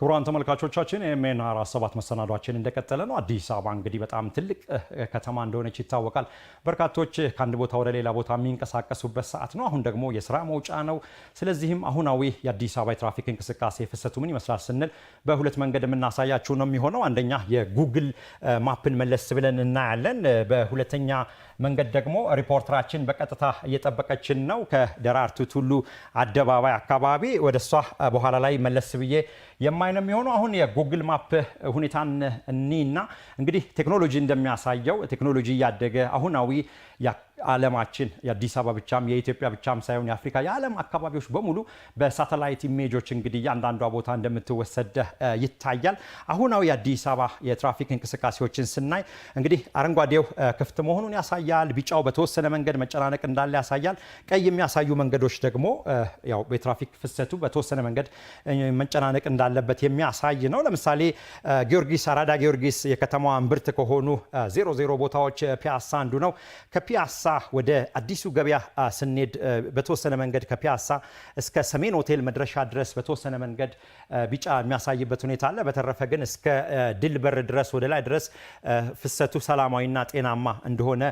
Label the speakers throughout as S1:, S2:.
S1: ክቡራን ተመልካቾቻችን ኤኤምኤን 47 መሰናዷችን እንደቀጠለ ነው። አዲስ አበባ እንግዲህ በጣም ትልቅ ከተማ እንደሆነች ይታወቃል። በርካቶች ከአንድ ቦታ ወደ ሌላ ቦታ የሚንቀሳቀሱበት ሰዓት ነው። አሁን ደግሞ የስራ መውጫ ነው። ስለዚህም አሁናዊ የአዲስ አበባ የትራፊክ እንቅስቃሴ ፍሰቱ ምን ይመስላል ስንል በሁለት መንገድ የምናሳያችሁ ነው የሚሆነው። አንደኛ የጉግል ማፕን መለስ ብለን እናያለን። በሁለተኛ መንገድ ደግሞ ሪፖርተራችን በቀጥታ እየጠበቀችን ነው ከደራርቱ ቱሉ አደባባይ አካባቢ ወደ እሷ በኋላ ላይ መለስ ብዬ የማይነ የሚሆኑ አሁን የጉግል ማፕ ሁኔታን እኒና እንግዲህ ቴክኖሎጂ እንደሚያሳየው ቴክኖሎጂ እያደገ አሁናዊ ዓለማችን የአዲስ አበባ ብቻም የኢትዮጵያ ብቻም ሳይሆን የአፍሪካ የዓለም አካባቢዎች በሙሉ በሳተላይት ኢሜጆች እንግዲህ እያንዳንዷ ቦታ እንደምትወሰደ ይታያል። አሁናዊ የአዲስ አበባ የትራፊክ እንቅስቃሴዎችን ስናይ እንግዲህ አረንጓዴው ክፍት መሆኑን ያሳያል። ቢጫው በተወሰነ መንገድ መጨናነቅ እንዳለ ያሳያል። ቀይ የሚያሳዩ መንገዶች ደግሞ ያው የትራፊክ ፍሰቱ በተወሰነ መንገድ መጨናነቅ እንዳለበት የሚያሳይ ነው። ለምሳሌ ጊዮርጊስ አራዳ ጊዮርጊስ የከተማዋ እምብርት ከሆኑ ዜሮ ዜሮ ቦታዎች ፒያሳ አንዱ ነው። ከፒያሳ ከፒያሳ ወደ አዲሱ ገበያ ስንሄድ በተወሰነ መንገድ ከፒያሳ እስከ ሰሜን ሆቴል መድረሻ ድረስ በተወሰነ መንገድ ቢጫ የሚያሳይበት ሁኔታ አለ። በተረፈ ግን እስከ ድል በር ድረስ ወደ ላይ ድረስ ፍሰቱ ሰላማዊና ጤናማ እንደሆነ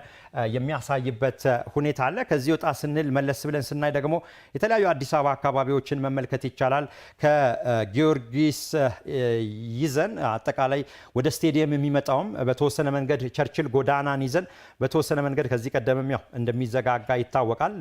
S1: የሚያሳይበት ሁኔታ አለ። ከዚህ ወጣ ስንል መለስ ብለን ስናይ ደግሞ የተለያዩ አዲስ አበባ አካባቢዎችን መመልከት ይቻላል። ከጊዮርጊስ ይዘን አጠቃላይ ወደ ስቴዲየም የሚመጣውም በተወሰነ መንገድ ቸርችል ጎዳናን ይዘን በተወሰነ መንገድ ከዚህ ቀደም ዳግምም እንደሚዘጋጋ ይታወቃል።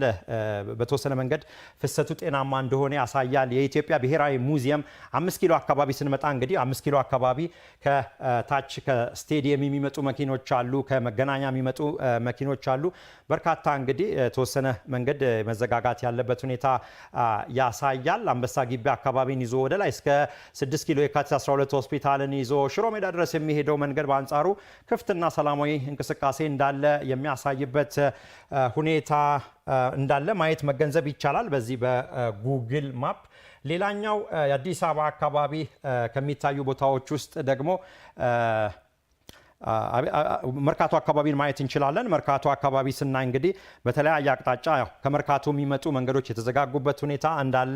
S1: በተወሰነ መንገድ ፍሰቱ ጤናማ እንደሆነ ያሳያል። የኢትዮጵያ ብሔራዊ ሙዚየም አምስት ኪሎ አካባቢ ስንመጣ እንግዲህ አምስት ኪሎ አካባቢ ከታች ከስቴዲየም የሚመጡ መኪኖች አሉ፣ ከመገናኛ የሚመጡ መኪኖች አሉ። በርካታ እንግዲህ የተወሰነ መንገድ መዘጋጋት ያለበት ሁኔታ ያሳያል። አንበሳ ግቢ አካባቢን ይዞ ወደ ላይ እስከ 6 ኪሎ የካቲት 12 ሆስፒታልን ይዞ ሽሮ ሜዳ ድረስ የሚሄደው መንገድ በአንጻሩ ክፍትና ሰላማዊ እንቅስቃሴ እንዳለ የሚያሳይበት ሁኔታ እንዳለ ማየት መገንዘብ ይቻላል በዚህ በጉግል ማፕ። ሌላኛው የአዲስ አበባ አካባቢ ከሚታዩ ቦታዎች ውስጥ ደግሞ መርካቶ አካባቢን ማየት እንችላለን። መርካቶ አካባቢ ስናይ እንግዲህ በተለያየ አቅጣጫ ያው ከመርካቶ የሚመጡ መንገዶች የተዘጋጉበት ሁኔታ እንዳለ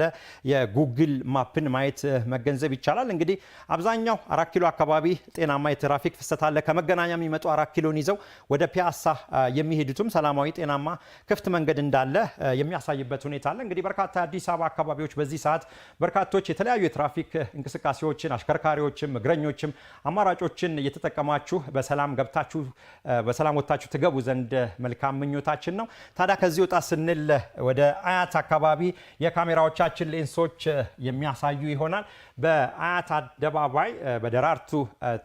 S1: የጉግል ማፕን ማየት መገንዘብ ይቻላል። እንግዲህ አብዛኛው አራት ኪሎ አካባቢ ጤናማ የትራፊክ ፍሰት አለ። ከመገናኛ የሚመጡ አራት ኪሎን ይዘው ወደ ፒያሳ የሚሄዱትም ሰላማዊ ጤናማ ክፍት መንገድ እንዳለ የሚያሳይበት ሁኔታ አለ። እንግዲህ በርካታ የአዲስ አበባ አካባቢዎች በዚህ ሰዓት በርካቶች የተለያዩ የትራፊክ እንቅስቃሴዎችን አሽከርካሪዎችም እግረኞችም አማራጮችን እየተጠቀማችሁ በሰላም ገብታችሁ በሰላም ወጥታችሁ ትገቡ ዘንድ መልካም ምኞታችን ነው። ታዲያ ከዚህ ወጣ ስንል ወደ አያት አካባቢ የካሜራዎቻችን ሌንሶች የሚያሳዩ ይሆናል። በአያት አደባባይ በደራርቱ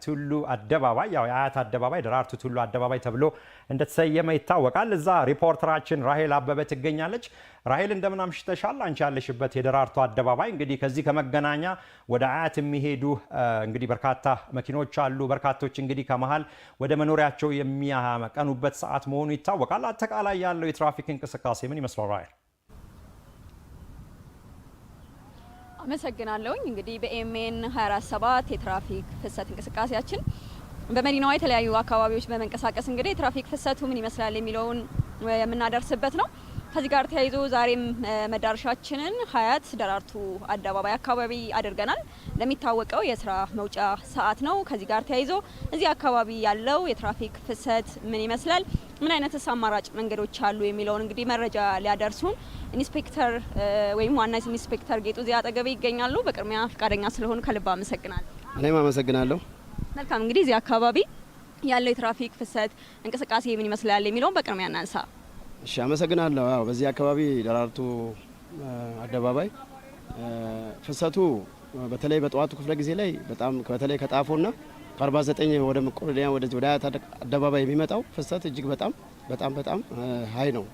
S1: ቱሉ አደባባይ ያው የአያት አደባባይ ደራርቱ ቱሉ አደባባይ ተብሎ እንደተሰየመ ይታወቃል። እዛ ሪፖርተራችን ራሄል አበበ ትገኛለች። ራሄል እንደምን አምሽተሻል? አንቺ ያለሽበት የደራርቱ አደባባይ እንግዲህ ከዚህ ከመገናኛ ወደ አያት የሚሄዱ እንግዲህ በርካታ መኪኖች አሉ። በርካቶች እንግዲህ ከመሀል ወደ መኖሪያቸው የሚያቀኑበት ሰዓት መሆኑ ይታወቃል። አጠቃላይ ያለው የትራፊክ እንቅስቃሴ ምን ይመስላል ራሄል?
S2: አመሰግናለሁኝ። እንግዲህ በኤምኤን 247 የትራፊክ ፍሰት እንቅስቃሴያችን በመዲናዋ የተለያዩ አካባቢዎች በመንቀሳቀስ እንግዲህ የትራፊክ ፍሰቱ ምን ይመስላል የሚለውን የምናደርስበት ነው። ከዚህ ጋር ተያይዞ ዛሬም መዳረሻችንን ሀያት ደራርቱ አደባባይ አካባቢ አድርገናል። እንደሚታወቀው የስራ መውጫ ሰዓት ነው። ከዚህ ጋር ተያይዞ እዚህ አካባቢ ያለው የትራፊክ ፍሰት ምን ይመስላል፣ ምን አይነትስ አማራጭ መንገዶች አሉ የሚለውን እንግዲህ መረጃ ሊያደርሱን ኢንስፔክተር ወይም ዋና ኢንስፔክተር ጌጡ እዚህ አጠገቤ ይገኛሉ። በቅድሚያ ፈቃደኛ ስለሆኑ ከልብ አመሰግናለሁ።
S3: እኔም አመሰግናለሁ።
S2: መልካም እንግዲህ እዚህ አካባቢ ያለው የትራፊክ ፍሰት እንቅስቃሴ ምን ይመስላል የሚለውን በቅድሚያ እናንሳ።
S3: እሺ፣ አመሰግናለሁ። በዚህ አካባቢ ደራርቱ አደባባይ ፍሰቱ በተለይ በጠዋቱ ክፍለ ጊዜ ላይ በጣም በተለይ ከጣፎና ከ49 ወደ መቆለያ ወደ አያት አደባባይ የሚመጣው ፍሰት እጅግ በጣም በጣም በጣም ሀይ ነው።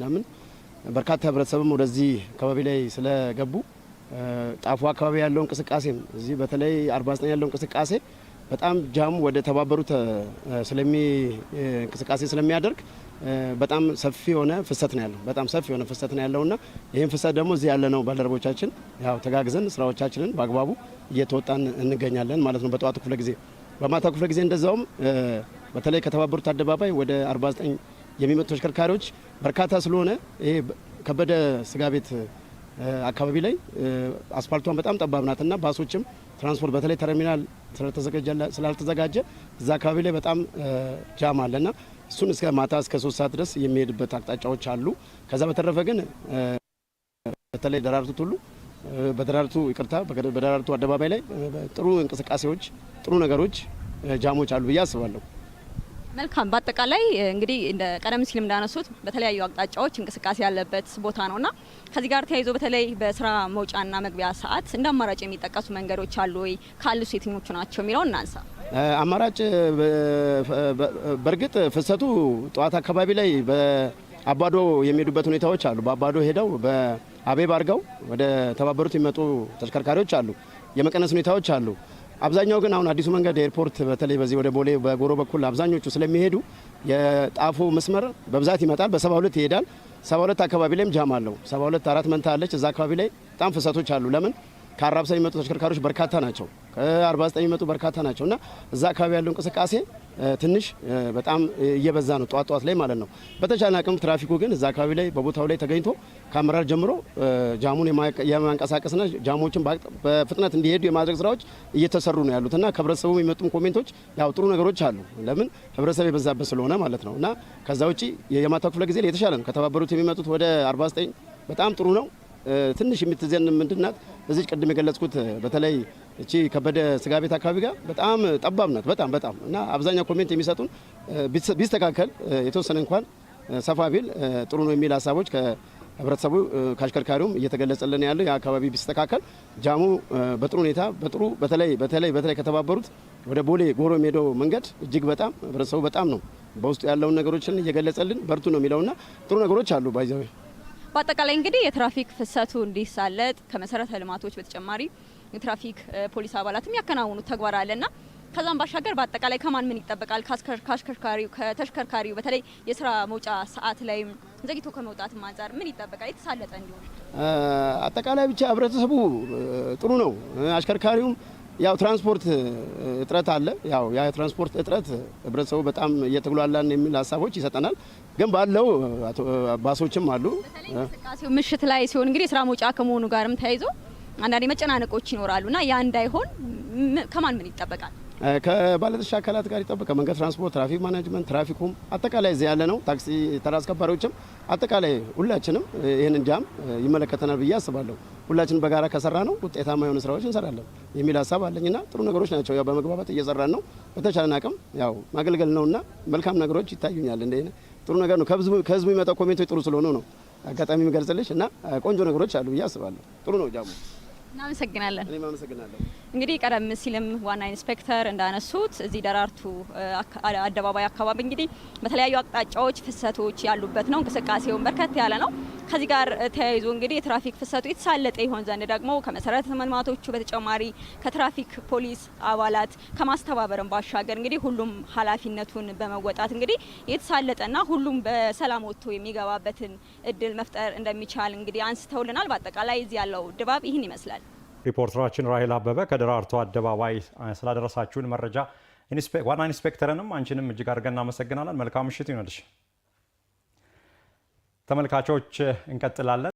S3: ለምን በርካታ ህብረተሰብም ወደዚህ አካባቢ ላይ ስለገቡ ጣፎ አካባቢ ያለው እንቅስቃሴም እዚህ በተለይ 49 ያለው እንቅስቃሴ በጣም ጃሙ ወደ ተባበሩት ስለሚ እንቅስቃሴ ስለሚያደርግ በጣም ሰፊ የሆነ ፍሰት ነው ያለው። በጣም ሰፊ የሆነ ፍሰት ነው ያለውና ይህን ፍሰት ደግሞ እዚህ ያለነው ባልደረቦቻችን ያው ተጋግዘን ስራዎቻችንን በአግባቡ እየተወጣን እንገኛለን ማለት ነው። በጠዋት ክፍለ ጊዜ፣ በማታ ክፍለ ጊዜ እንደዛውም በተለይ ከተባበሩት አደባባይ ወደ 49 የሚመጡ ተሽከርካሪዎች በርካታ ስለሆነ ይሄ ከበደ ስጋ ቤት አካባቢ ላይ አስፋልቷን በጣም ጠባብ ናትና ባሶችም ትራንስፖርት በተለይ ተርሚናል ስላልተዘጋጀ እዛ አካባቢ ላይ በጣም ጃም አለና እሱን እስከ ማታ እስከ ሶስት ሰዓት ድረስ የሚሄድበት አቅጣጫዎች አሉ። ከዛ በተረፈ ግን በተለይ ደራርቱ ቱሉ በደራርቱ ይቅርታ፣ በደራርቱ አደባባይ ላይ ጥሩ እንቅስቃሴዎች፣ ጥሩ ነገሮች፣ ጃሞች አሉ ብዬ አስባለሁ።
S2: መልካም። በአጠቃላይ እንግዲህ እንደ ቀደም ሲል እንዳነሱት በተለያዩ አቅጣጫዎች እንቅስቃሴ ያለበት ቦታ እና ከዚህ ጋር ተያይዞ በተለይ በስራ መውጫና መግቢያ ሰዓት እንደ አማራጭ የሚጠቀሱ መንገዶች አሉ ወይ? ካሉስ የትኞቹ ናቸው የሚለውን እናንሳ።
S3: አማራጭ በእርግጥ ፍሰቱ ጠዋት አካባቢ ላይ በአባዶ የሚሄዱበት ሁኔታዎች አሉ። በአባዶ ሄደው በአቤብ አድርገው ወደ ተባበሩት የሚመጡ ተሽከርካሪዎች አሉ። የመቀነስ ሁኔታዎች አሉ። አብዛኛው ግን አሁን አዲሱ መንገድ ኤርፖርት በተለይ በዚህ ወደ ቦሌ በጎሮ በኩል አብዛኞቹ ስለሚሄዱ የጣፎ መስመር በብዛት ይመጣል። በሰባ ሁለት ይሄዳል። ሰባ ሁለት አካባቢ ላይም ጃም አለው። ሰባ ሁለት አራት መንታ አለች። እዛ አካባቢ ላይ በጣም ፍሰቶች አሉ። ለምን ከአራብሳ የሚመጡ ተሽከርካሪዎች በርካታ ናቸው። ዘጠኝ የሚመጡ በርካታ ናቸው እና እዛ አካባቢ ያለው እንቅስቃሴ ትንሽ በጣም እየበዛ ነው፣ ጠዋት ጠዋት ላይ ማለት ነው። በተቻለ አቅም ትራፊኩ ግን እዛ አካባቢ ላይ በቦታው ላይ ተገኝቶ ከአመራር ጀምሮ ጃሙን የማንቀሳቀስና ጃሞችን በፍጥነት እንዲሄዱ የማድረግ ስራዎች እየተሰሩ ነው ያሉት እና ከህብረተሰቡ የሚመጡ ኮሜንቶች ያው ጥሩ ነገሮች አሉ። ለምን ህብረተሰብ የበዛበት ስለሆነ ማለት ነው እና ከዛ ውጭ የማታ ክፍለ ጊዜ የተሻለ ነው። ከተባበሩት የሚመጡት ወደ 49 በጣም ጥሩ ነው። ትንሽ የምትዘን ምንድናት እዚህ ቅድም የገለጽኩት በተለይ እቺ ከበደ ስጋ ቤት አካባቢ ጋር በጣም ጠባብ ናት። በጣም በጣም እና አብዛኛው ኮሜንት የሚሰጡን ቢስተካከል የተወሰነ እንኳን ሰፋ ቢል ጥሩ ነው የሚል ሀሳቦች ከህብረተሰቡ ከአሽከርካሪውም እየተገለጸልን ያለው የአካባቢ ቢስተካከል ጃሙ በጥሩ ሁኔታ በጥሩ በተለይ በተለይ በተለይ ከተባበሩት ወደ ቦሌ ጎሮ የሚሄደው መንገድ እጅግ በጣም ህብረተሰቡ በጣም ነው በውስጡ ያለውን ነገሮችን እየገለጸልን በርቱ ነው የሚለውና ጥሩ ነገሮች አሉ ባይዘዌ
S2: በአጠቃላይ እንግዲህ የትራፊክ ፍሰቱ እንዲሳለጥ ከመሰረተ ልማቶች በተጨማሪ የትራፊክ ፖሊስ አባላት የሚያከናውኑት ተግባር አለና ከዛም ባሻገር በአጠቃላይ ከማን ምን ይጠበቃል? ከአሽከርካሪው ከተሽከርካሪው በተለይ የስራ መውጫ ሰዓት ላይ ዘጊቶ ከመውጣት አንጻር ምን ይጠበቃል? የተሳለጠ እንዲሆን
S3: አጠቃላይ ብቻ ህብረተሰቡ ጥሩ ነው። አሽከርካሪውም ያው ትራንስፖርት እጥረት አለ። ያው ያ ትራንስፖርት እጥረት ህብረተሰቡ በጣም እየተጉላላን የሚል ሀሳቦች ይሰጠናል። ግን ባለው ባሶችም አሉ።
S2: ምሽት ላይ ሲሆን እንግዲህ የስራ መውጫ ከመሆኑ ጋርም ተያይዞ አንዳንድ መጨናነቆች ይኖራሉ እና ያ እንዳይሆን ከማን ምን ይጠበቃል?
S3: ከባለድርሻ አካላት ጋር ይጠበቅ ከመንገድ ትራንስፖርት፣ ትራፊክ ማናጅመንት፣ ትራፊኩም አጠቃላይ እዚህ ያለ ነው። ታክሲ ተራ አስከባሪዎችም አጠቃላይ ሁላችንም ይህንን ጃም ይመለከተናል ብዬ አስባለሁ። ሁላችን በጋራ ከሰራ ነው ውጤታማ የሆኑ ስራዎች እንሰራለን የሚል ሀሳብ አለኝና ጥሩ ነገሮች ናቸው። ያው በመግባባት እየሰራን ነው። በተቻለን አቅም ያው ማገልገል ነውና መልካም ነገሮች ይታዩኛል። እንደ ጥሩ ነገር ነው። ከህዝቡ የመጣው ኮሜንቶች ጥሩ ስለሆኑ ነው። አጋጣሚ ምገልጽልሽ እና ቆንጆ ነገሮች አሉ ብዬ አስባለሁ። ጥሩ ነው ጃሙ
S2: እናመሰግናለን። እኔም አመሰግናለሁ። እንግዲህ ቀደም ሲልም ዋና ኢንስፔክተር እንዳነሱት እዚህ ደራርቱ አደባባይ አካባቢ እንግዲህ በተለያዩ አቅጣጫዎች ፍሰቶች ያሉበት ነው። እንቅስቃሴውን በርከት ያለ ነው። ከዚህ ጋር ተያይዞ እንግዲህ የትራፊክ ፍሰቱ የተሳለጠ ይሆን ዘንድ ደግሞ ከመሰረተ ልማቶቹ በተጨማሪ ከትራፊክ ፖሊስ አባላት ከማስተባበርን ባሻገር እንግዲህ ሁሉም ኃላፊነቱን በመወጣት እንግዲህ የተሳለጠና ሁሉም በሰላም ወጥቶ የሚገባበትን እድል መፍጠር እንደሚቻል እንግዲህ አንስተውልናል። በአጠቃላይ እዚህ ያለው ድባብ ይህን ይመስላል።
S1: ሪፖርተራችን ራሄል አበበ ከደራርቱ አደባባይ ስላደረሳችሁን መረጃ ዋና ኢንስፔክተርንም አንቺንም እጅግ አድርገን እናመሰግናለን። መልካም ምሽት ይሆንልሽ። ተመልካቾች እንቀጥላለን።